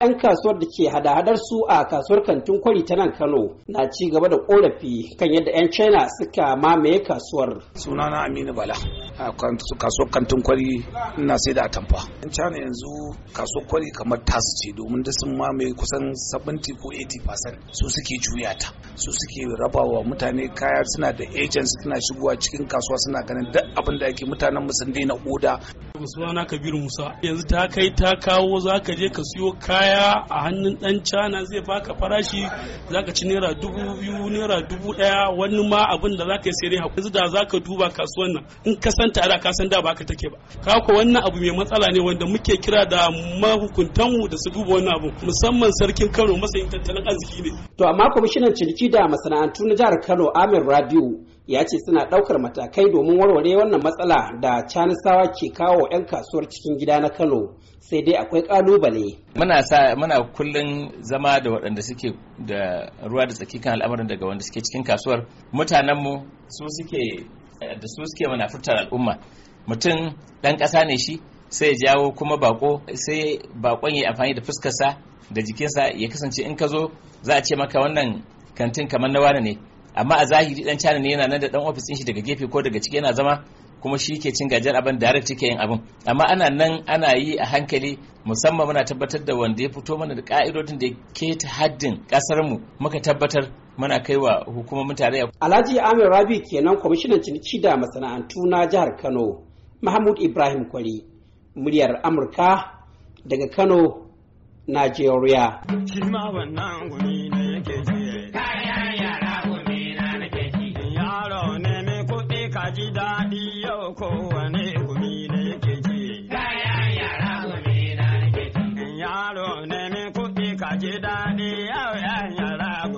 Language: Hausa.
'yan kasuwar da ke hada-hadar su a kasuwar kantin kwari ta nan kano na ci gaba da korafi kan yadda 'yan china suka mamaye kasuwar sunana aminu bala a kasuwar kantin kwari ina sai da atamfa yan china yanzu kasuwar kwari kamar tasu ce domin da sun mamaye kusan 70 ko 80 su suke juya ta su suke raba wa mutane kaya suna da agents suna shigowa cikin kasuwa suna ganin duk abin da ake mutanen mu sun daina oda sunana kabiru musa yanzu ta kai ta kawo za ka je ka siyo kaya a hannun dan cana zai baka farashi za ka ci naira dubu biyu naira dubu daya wani ma abin da za ka yi sai dai yanzu da za ka duba kasuwan nan in ka san tare ka san da baka take ba ka ko wannan abu mai matsala ne wanda muke kira da mahukuntanmu da su duba wannan abu musamman sarkin kano masayin tattalin arziki ne to amma kwamishinan ciniki da masana'antu na jihar kano amir rabiu ya ce suna ɗaukar matakai domin warware wannan matsala da canisawa ke kawo 'yan kasuwar cikin gida na kano sai dai akwai ƙalubale muna kullum zama da waɗanda suke da ruwa da tsaki kan al'amarin daga wanda suke cikin kasuwar mutanenmu su suke da su suke mana fitar al'umma mutum ɗan ƙasa ne shi sai jawo kuma bako sai bakon ya amfani da fuskarsa da jikinsa ya kasance in ka zo za a ce maka wannan kantin kamar na wane ne amma a zahiri dan China ne yana nan da dan ofis din shi daga gefe ko daga ciki yana zama kuma shi ke cin gajiyar abin direct yake yin abin amma ana nan ana yi a hankali musamman muna tabbatar da wanda ya fito mana da ka'idodin da ke ta haddin kasar mu muka tabbatar muna kai wa hukumomin tarayya Alhaji Amir Rabi kenan kwamishinan ciniki da masana'antu na jihar Kano Mahmud Ibrahim Kwari muryar Amurka daga Kano Najeriya. ya ji daɗi yau kowane gumi ne yake ji. Yaya yara gumi na yake ji. Yaro ne min kuɗi ka ji daɗi.